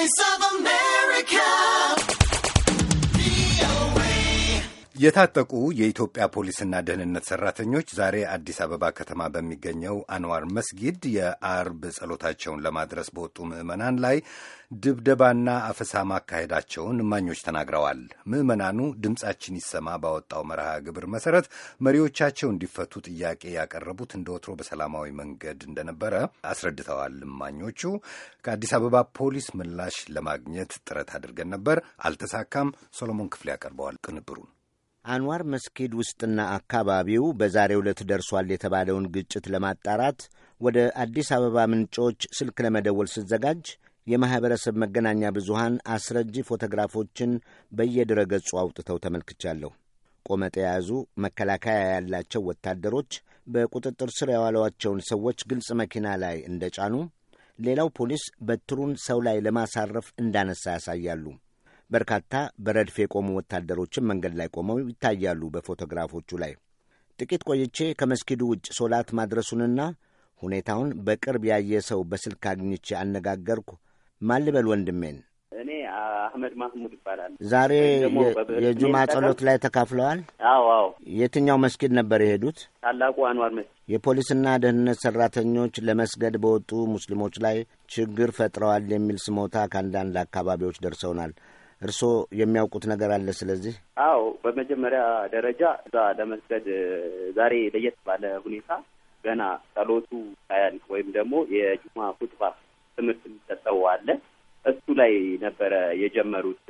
Voice of የታጠቁ የኢትዮጵያ ፖሊስና ደህንነት ሰራተኞች ዛሬ አዲስ አበባ ከተማ በሚገኘው አንዋር መስጊድ የአርብ ጸሎታቸውን ለማድረስ በወጡ ምዕመናን ላይ ድብደባና አፈሳ ማካሄዳቸውን እማኞች ተናግረዋል። ምዕመናኑ ድምፃችን ይሰማ ባወጣው መርሃ ግብር መሰረት መሪዎቻቸው እንዲፈቱ ጥያቄ ያቀረቡት እንደ ወትሮ በሰላማዊ መንገድ እንደነበረ አስረድተዋል። እማኞቹ ከአዲስ አበባ ፖሊስ ምላሽ ለማግኘት ጥረት አድርገን ነበር፣ አልተሳካም። ሶሎሞን ክፍሌ ያቀርበዋል ቅንብሩን አንዋር መስጊድ ውስጥና አካባቢው በዛሬው ዕለት ደርሷል የተባለውን ግጭት ለማጣራት ወደ አዲስ አበባ ምንጮች ስልክ ለመደወል ስዘጋጅ የማኅበረሰብ መገናኛ ብዙሃን አስረጂ ፎቶግራፎችን በየድረ ገጹ አውጥተው ተመልክቻለሁ። ቆመጥ የያዙ መከላከያ ያላቸው ወታደሮች በቁጥጥር ስር ያዋሏቸውን ሰዎች ግልጽ መኪና ላይ እንደጫኑ፣ ሌላው ፖሊስ በትሩን ሰው ላይ ለማሳረፍ እንዳነሳ ያሳያሉ። በርካታ በረድፍ የቆሙ ወታደሮችም መንገድ ላይ ቆመው ይታያሉ በፎቶግራፎቹ ላይ። ጥቂት ቆይቼ ከመስጊዱ ውጭ ሶላት ማድረሱንና ሁኔታውን በቅርብ ያየ ሰው በስልክ አግኝቼ አነጋገርኩ። ማልበል ወንድሜን? እኔ አህመድ ማህሙድ ይባላል። ዛሬ የጁማ ጸሎት ላይ ተካፍለዋል? አዎ አዎ። የትኛው መስጊድ ነበር የሄዱት? ታላቁ አንዋር መስጊድ። የፖሊስና ደህንነት ሰራተኞች ለመስገድ በወጡ ሙስሊሞች ላይ ችግር ፈጥረዋል የሚል ስሞታ ከአንዳንድ አካባቢዎች ደርሰውናል። እርስዎ የሚያውቁት ነገር አለ ስለዚህ? አዎ፣ በመጀመሪያ ደረጃ እዛ ለመስገድ ዛሬ ለየት ባለ ሁኔታ ገና ጸሎቱ ሳያልቅ ወይም ደግሞ የጁማ ኹጥባ ትምህርት የሚሰጠው አለ እሱ ላይ ነበረ የጀመሩት።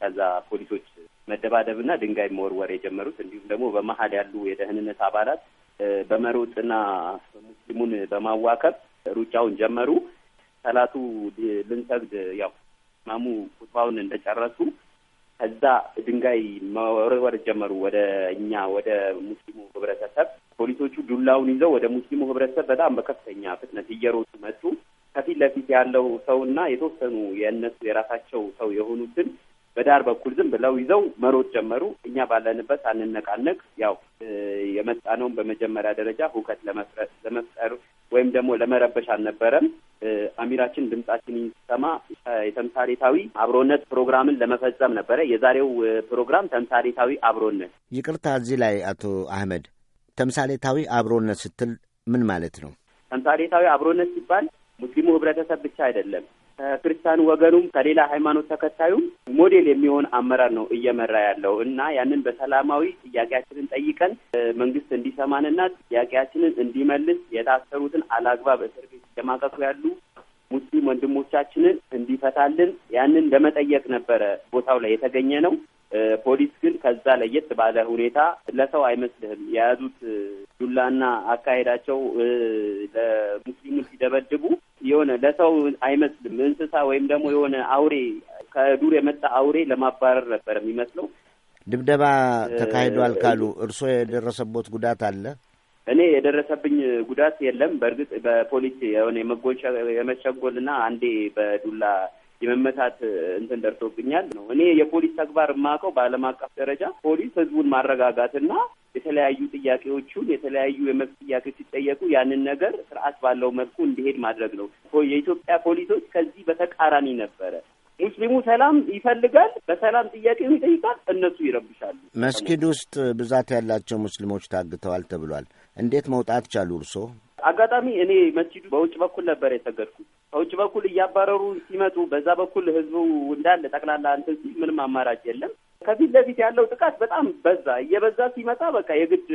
ከዛ ፖሊሶች መደባደብና ድንጋይ መወርወር የጀመሩት እንዲሁም ደግሞ በመሀል ያሉ የደህንነት አባላት በመሮጥና ሙስሊሙን በማዋከብ ሩጫውን ጀመሩ። ሰላቱ ልንሰግድ ያው ማሙ ቁጥባውን እንደጨረሱ ከዛ ድንጋይ መወርወር ጀመሩ ወደ እኛ ወደ ሙስሊሙ ህብረተሰብ። ፖሊሶቹ ዱላውን ይዘው ወደ ሙስሊሙ ህብረተሰብ በጣም በከፍተኛ ፍጥነት እየሮጡ መጡ። ከፊት ለፊት ያለው ሰውና የተወሰኑ የእነሱ የራሳቸው ሰው የሆኑትን በዳር በኩል ዝም ብለው ይዘው መሮጥ ጀመሩ። እኛ ባለንበት አንነቃነቅ። ያው የመጣነውን በመጀመሪያ ደረጃ ሁከት ለመፍጠር ወይም ደግሞ ለመረበሽ አልነበረም። አሚራችን ድምጻችን ሰማ የተምሳሌታዊ አብሮነት ፕሮግራምን ለመፈጸም ነበረ። የዛሬው ፕሮግራም ተምሳሌታዊ አብሮነት። ይቅርታ፣ እዚህ ላይ አቶ አህመድ ተምሳሌታዊ አብሮነት ስትል ምን ማለት ነው? ተምሳሌታዊ አብሮነት ሲባል ሙስሊሙ ህብረተሰብ ብቻ አይደለም ክርስቲያን ወገኑም ከሌላ ሃይማኖት ተከታዩም ሞዴል የሚሆን አመራር ነው እየመራ ያለው እና ያንን በሰላማዊ ጥያቄያችንን ጠይቀን መንግስት እንዲሰማንና ጥያቄያችንን እንዲመልስ የታሰሩትን አላግባብ እስር ቤት እየማቀቁ ያሉ ሙስሊም ወንድሞቻችንን እንዲፈታልን ያንን ለመጠየቅ ነበረ ቦታው ላይ የተገኘ ነው። ፖሊስ ግን ከዛ ለየት ባለ ሁኔታ ለሰው አይመስልህም። የያዙት ዱላና አካሄዳቸው ለሙስሊሙ ሲደበድቡ የሆነ ለሰው አይመስልም። እንስሳ ወይም ደግሞ የሆነ አውሬ ከዱር የመጣ አውሬ ለማባረር ነበር የሚመስለው። ድብደባ ተካሂዷል ካሉ እርስዎ የደረሰቦት ጉዳት አለ? እኔ የደረሰብኝ ጉዳት የለም። በእርግጥ በፖሊስ የሆነ የመጎንሸ የመሸጎልና አንዴ በዱላ የመመታት እንትን ደርሶብኛል ነው። እኔ የፖሊስ ተግባር የማውቀው በዓለም አቀፍ ደረጃ ፖሊስ ህዝቡን ማረጋጋትና የተለያዩ ጥያቄዎቹን የተለያዩ የመብት ጥያቄዎች ሲጠየቁ ያንን ነገር ስርዓት ባለው መልኩ እንዲሄድ ማድረግ ነው። የኢትዮጵያ ፖሊሶች ከዚህ በተቃራኒ ነበረ። ሙስሊሙ ሰላም ይፈልጋል፣ በሰላም ጥያቄውን ይጠይቃል፣ እነሱ ይረብሻሉ። መስጊድ ውስጥ ብዛት ያላቸው ሙስሊሞች ታግተዋል ተብሏል። እንዴት መውጣት ቻሉ እርሶ? አጋጣሚ እኔ መስጂዱ በውጭ በኩል ነበር የሰገድኩት ከውጭ በኩል እያባረሩ ሲመጡ በዛ በኩል ህዝቡ እንዳለ ጠቅላላ እንትን ሲል ምንም አማራጭ የለም። ከፊት ለፊት ያለው ጥቃት በጣም በዛ። እየበዛ ሲመጣ በቃ የግድ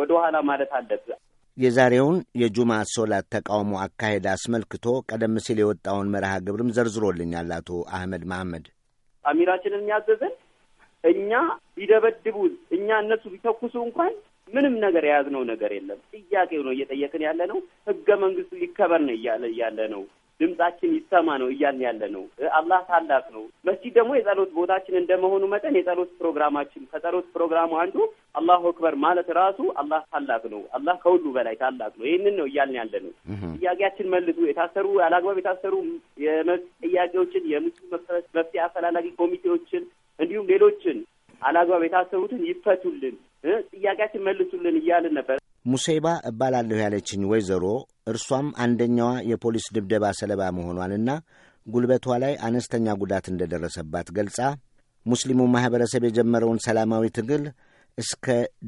ወደ ኋላ ማለት አለብህ። የዛሬውን የጁማ ሶላት ተቃውሞ አካሄድ አስመልክቶ ቀደም ሲል የወጣውን መርሃ ግብርም ዘርዝሮልኛል አቶ አህመድ መሐመድ። አሚራችንን የሚያዘዘን እኛ ቢደበድቡ እኛ እነሱ ቢተኩሱ እንኳን ምንም ነገር የያዝነው ነገር የለም። ጥያቄው ነው እየጠየቅን ያለ ነው። ህገ መንግስቱ ሊከበር ነው እያለ ነው። ድምጻችን ይሰማ ነው እያልን ያለ ነው። አላህ ታላቅ ነው። መስጂድ ደግሞ የጸሎት ቦታችን እንደመሆኑ መጠን የጸሎት ፕሮግራማችን ከጸሎት ፕሮግራሙ አንዱ አላሁ አክበር ማለት ራሱ አላህ ታላቅ ነው፣ አላህ ከሁሉ በላይ ታላቅ ነው። ይህንን ነው እያልን ያለ ነው። ጥያቄያችን መልሱ። የታሰሩ አላግባብ የታሰሩ የመብት ጥያቄዎችን የሙስሊም መፍትሄ አፈላላጊ ኮሚቴዎችን እንዲሁም ሌሎችን አላግባብ የታሰሩትን ይፈቱልን፣ ጥያቄያችን መልሱልን እያልን ነበር። ሙሴባ እባላለሁ ያለችኝ ወይዘሮ እርሷም አንደኛዋ የፖሊስ ድብደባ ሰለባ መሆኗንና ጉልበቷ ላይ አነስተኛ ጉዳት እንደደረሰባት ገልጻ ሙስሊሙ ማኅበረሰብ የጀመረውን ሰላማዊ ትግል እስከ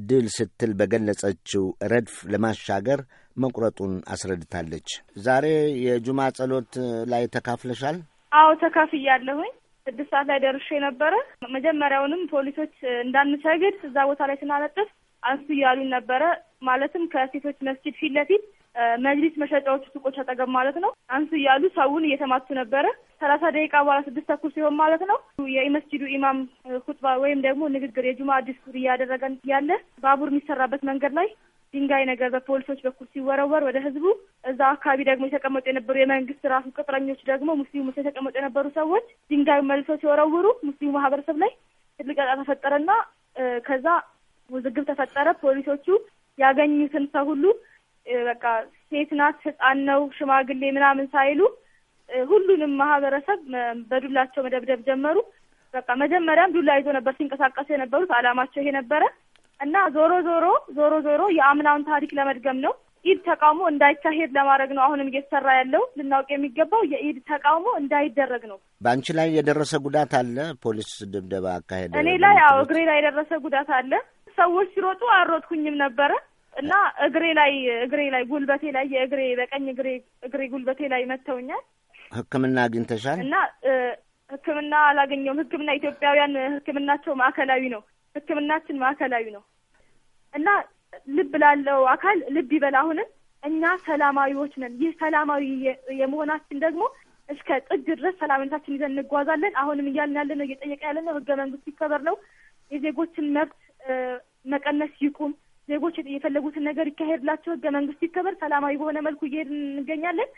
ድል ስትል በገለጸችው ረድፍ ለማሻገር መቁረጡን አስረድታለች። ዛሬ የጁማ ጸሎት ላይ ተካፍለሻል? አዎ ተካፍያለሁኝ። ስድስት ሰዓት ላይ ደርሼ ነበረ። መጀመሪያውንም ፖሊሶች እንዳንሰግድ እዛ ቦታ ላይ ስናለጥፍ አንሱ እያሉን ነበረ። ማለትም ከሴቶች መስጂድ ፊት ለፊት መጅሊስ መሸጫዎች ሱቆች አጠገብ ማለት ነው። አንስ እያሉ ሰውን እየተማቱ ነበረ። ሰላሳ ደቂቃ በኋላ ስድስት ተኩል ሲሆን ማለት ነው የመስጂዱ ኢማም ሁጥባ ወይም ደግሞ ንግግር የጁማ ዲስኩር እያደረገን ያለ ባቡር የሚሰራበት መንገድ ላይ ድንጋይ ነገር በፖሊሶች በኩል ሲወረወር ወደ ህዝቡ፣ እዛ አካባቢ ደግሞ የተቀመጡ የነበሩ የመንግስት ራሱ ቅጥረኞች ደግሞ ሙስሊሙ የተቀመጡ የነበሩ ሰዎች ድንጋዩ መልሶ ሲወረውሩ ሙስሊሙ ማህበረሰብ ላይ ትልቅ ጣጣ ተፈጠረና ከዛ ውዝግብ ተፈጠረ። ፖሊሶቹ ያገኙትን ሰው ሁሉ በቃ ሴት ናት፣ ህጻን ነው፣ ሽማግሌ ምናምን ሳይሉ ሁሉንም ማህበረሰብ በዱላቸው መደብደብ ጀመሩ። በቃ መጀመሪያም ዱላ ይዞ ነበር ሲንቀሳቀሱ የነበሩት አላማቸው ይሄ ነበረ እና ዞሮ ዞሮ ዞሮ ዞሮ የአምናውን ታሪክ ለመድገም ነው። ኢድ ተቃውሞ እንዳይካሄድ ለማድረግ ነው አሁንም እየተሰራ ያለው። ልናውቅ የሚገባው የኢድ ተቃውሞ እንዳይደረግ ነው። በአንቺ ላይ የደረሰ ጉዳት አለ? ፖሊስ ድብደባ አካሄደ? እኔ ላይ አዎ፣ እግሬ ላይ የደረሰ ጉዳት አለ። ሰዎች ሲሮጡ አልሮጥኩኝም ነበረ እና እግሬ ላይ እግሬ ላይ ጉልበቴ ላይ የእግሬ በቀኝ እግሬ እግሬ ጉልበቴ ላይ መጥተውኛል። ሕክምና አግኝተሻል? እና ሕክምና አላገኘውም። ሕክምና ኢትዮጵያውያን ሕክምናቸው ማዕከላዊ ነው። ሕክምናችን ማዕከላዊ ነው እና ልብ ላለው አካል ልብ ይበል። አሁንም እኛ ሰላማዊዎች ነን። ይህ ሰላማዊ የመሆናችን ደግሞ እስከ ጥግ ድረስ ሰላምነታችን ይዘን እንጓዛለን። አሁንም እያልን ያለ ነው፣ እየጠየቀ ያለ ነው። መንግስት ይከበር ነው። የዜጎችን መብት መቀነስ ይቁም። ዜጎች የፈለጉትን ነገር ይካሄድላቸው፣ ህገ መንግስት ይከበር፣ ሰላማዊ በሆነ መልኩ እየሄድን እንገኛለን።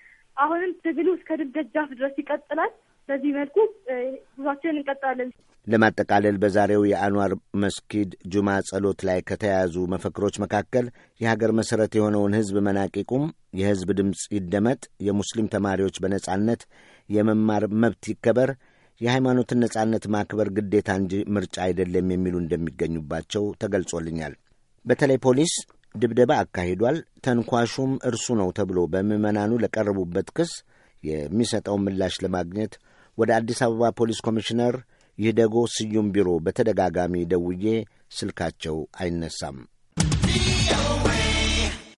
አሁንም ትግሉ እስከ ደጃፍ ድረስ ይቀጥላል። በዚህ መልኩ ጉዟችንን እንቀጥላለን። ለማጠቃለል በዛሬው የአንዋር መስጊድ ጁማ ጸሎት ላይ ከተያዙ መፈክሮች መካከል የሀገር መሠረት የሆነውን ህዝብ መናቅ ይቁም፣ የህዝብ ድምፅ ይደመጥ፣ የሙስሊም ተማሪዎች በነጻነት የመማር መብት ይከበር፣ የሃይማኖትን ነጻነት ማክበር ግዴታ እንጂ ምርጫ አይደለም የሚሉ እንደሚገኙባቸው ተገልጾልኛል። በተለይ ፖሊስ ድብደባ አካሂዷል፣ ተንኳሹም እርሱ ነው ተብሎ በምዕመናኑ ለቀረቡበት ክስ የሚሰጠውን ምላሽ ለማግኘት ወደ አዲስ አበባ ፖሊስ ኮሚሽነር ይህደጎ ስዩም ቢሮ በተደጋጋሚ ደውዬ ስልካቸው አይነሳም።